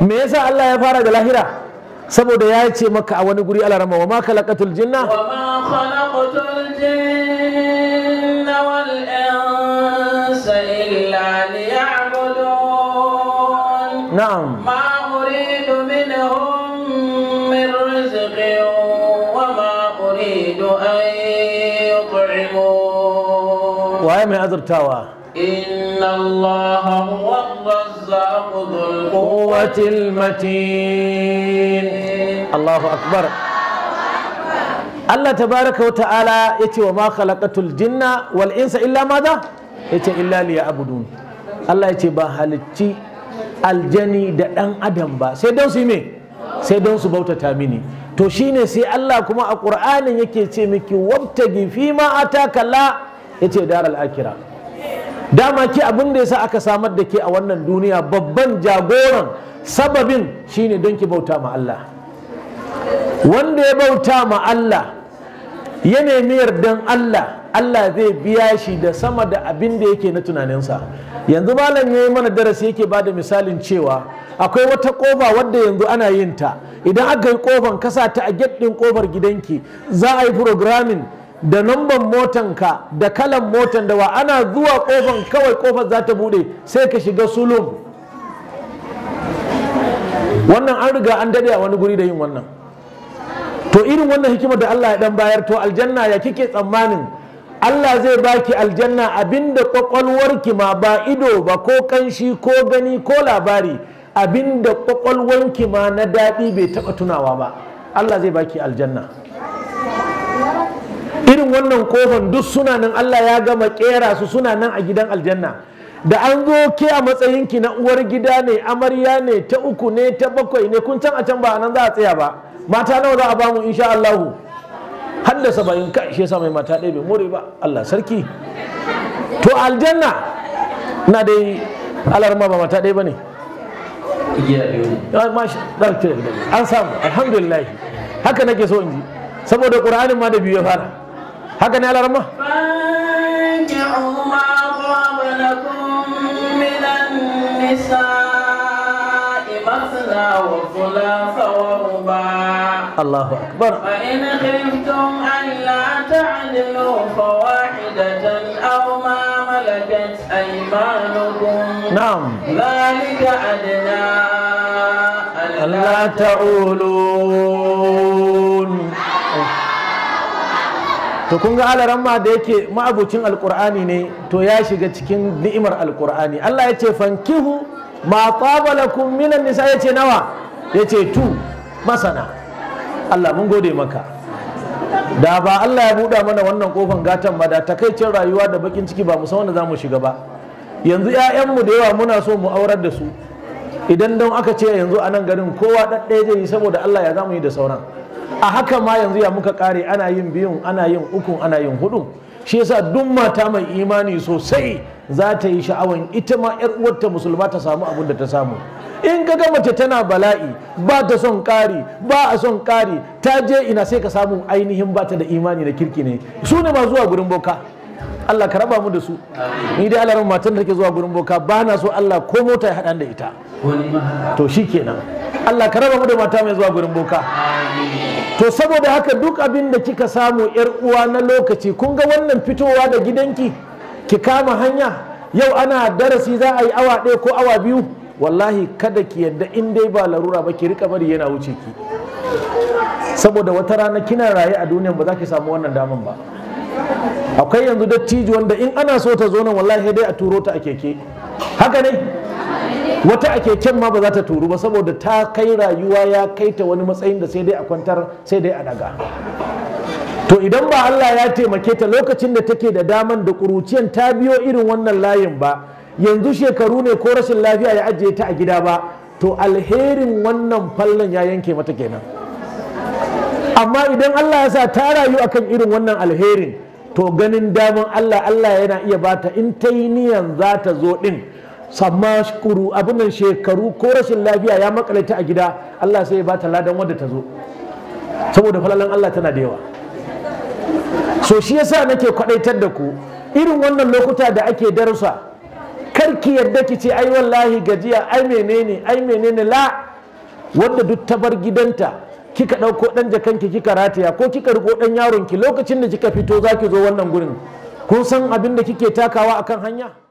me yasa Allah ya fara da lahira saboda ya ce maka a wani guri alarama wa ma khalaqatul jinna wa ma khalaqatul jinna wal insa illa liya'budun na'am ma uridu minhum min rizqin wa ma uridu an yut'imun waye mai azurtawa إن الله هو الرزاق ذو القوة المتين الله أكبر Allah tabaraka wa ta'ala yace wa ma khalaqatul jinna wal insa illa madha yace illa liya'budun Allah yace ba halicci aljani da dan adam ba sai don su yi me sai don su bautata mini to shine sai Allah kuma a Qur'anin yake ce miki wabtagi gifi ma ataka la yace daral akhirah dama ke abin da yasa aka samar da ke a wannan duniya babban jagoran sababin shine don ki bauta ma Allah wanda ya bauta ma Allah ya nemi yardan Allah Allah zai biya shi da sama da abin da yake na tunaninsa yanzu malam ya yi mana darasi yake ba da misalin cewa akwai wata ƙofa wadda yanzu ana yin ta idan aka yi kofan kasa ta a gate ƙofar kofar gidanki za a yi programming da motan motanka da kalan motan da wa ana zuwa kofan kawai kofar za ta bude sai ka shiga sulum wannan an riga an dade a wani guri da yin wannan to irin wannan hikimar da Allah ya dan bayar to aljanna ya kike tsammanin Allah zai baki aljanna abinda kwakwalwarki ma ba ido ba ko kanshi ko gani ko labari abinda kwakwalwarki ma na daɗi bai taɓa tunawa ba Allah zai baki aljanna irin wannan kofan duk suna nan Allah ya gama kera su suna nan a gidan aljanna da an zo ke a matsayinki na uwar gida ne amarya ne ta uku ne ta bakwai ne kun can a can ba nan za a tsaya ba mata nawa za a bamu insha Allah har da saba'in kai shi yasa mai mata ɗaya bai more ba Allah sarki to aljanna na dai alarma ba mata ɗaya ba ne an samu alhamdulillah haka nake so in ji saboda ƙur'anin ma da biyu ya fara haka ne alarma وثلاث ورباع الله أكبر فإن خفتم ألا تعدلوا فواحدة أو ما ملكت أيمانكم نعم ذلك أدنى ألا تعولوا to kun ga alaran ma da yake ma'abucin alkur'ani ne to ya shiga cikin ni'imar alkur'ani Allah ya ce fankihu ma tabalakum minan nisa ya ce nawa ya ce tu masana Allah mun gode maka da ba Allah ya buɗa mana wannan kofan gatan ba da takaicin rayuwa da bakin ciki ba musamman da za mu shiga ba yanzu 'ya'yanmu da yawa muna so mu aurar da su idan don aka ce yanzu a nan garin kowa ɗaɗɗaya zai yi saboda Allah ya zamu yi da sauran a haka ma yanzu ya muka kare ana yin biyun ana yin ukun ana yin hudu shi yasa duk mata mai imani sosai za ta yi sha'awan ita ma yar uwarta musulma ta samu abin da ta samu in ka ga mace tana bala'i ba ta son kari ba a son kari ta je ina sai ka samu ainihin ba ta da imani na kirki ne su ne ma zuwa gurin boka Allah ka raba mu da su ni dai alarin matan da take zuwa gurin boka ba na so Allah ko mota ya hada da ita to shikenan Allah ka raba mu da mata mai zuwa gurin boka to saboda haka duk abin da kika samu yar uwa na lokaci kun ga wannan fitowa da gidanki ki kama hanya yau ana darasi za a yi awa ɗaya ko awa biyu wallahi kada ki yadda in dai ba larura ba ki rika bari yana wuce ki saboda wata rana kina raye a duniyan ba za ki samu wannan daman ba akwai yanzu dattijo wanda in ana so ta zo nan wallahi dai a turo ta a keke haka ne wata a can ma ba za ta turu ba saboda ta kai rayuwa ya kai ta wani matsayin da sai dai a kwantar sai dai a daga to idan ba Allah ya taimake ta lokacin da take da daman da kuruciyan ta biyo irin wannan layin ba yanzu shekaru ne ko rashin lafiya ya ajiye ta a gida ba to alherin wannan fallon ya yanke mata kenan amma idan Allah ya sa ta rayu akan irin wannan alherin to ganin daman Allah Allah yana iya bata in ta yi niyan za ta zo din samma shukuru abin nan shekaru ko rashin lafiya ya makalaita a gida Allah sai ya bata ladan wadda ta zo saboda falalan Allah tana da yawa so shi yasa nake kwadaitar da ku irin wannan lokuta da ake darusa karki yadda ki ce ai wallahi gajiya ai menene ai menene la wadda duk ta bar gidanta kika ɗauko ɗan jakanki kika rataya ko kika riko ɗan ki lokacin da kika fito zaki zo wannan gurin kun san abin da kike takawa akan hanya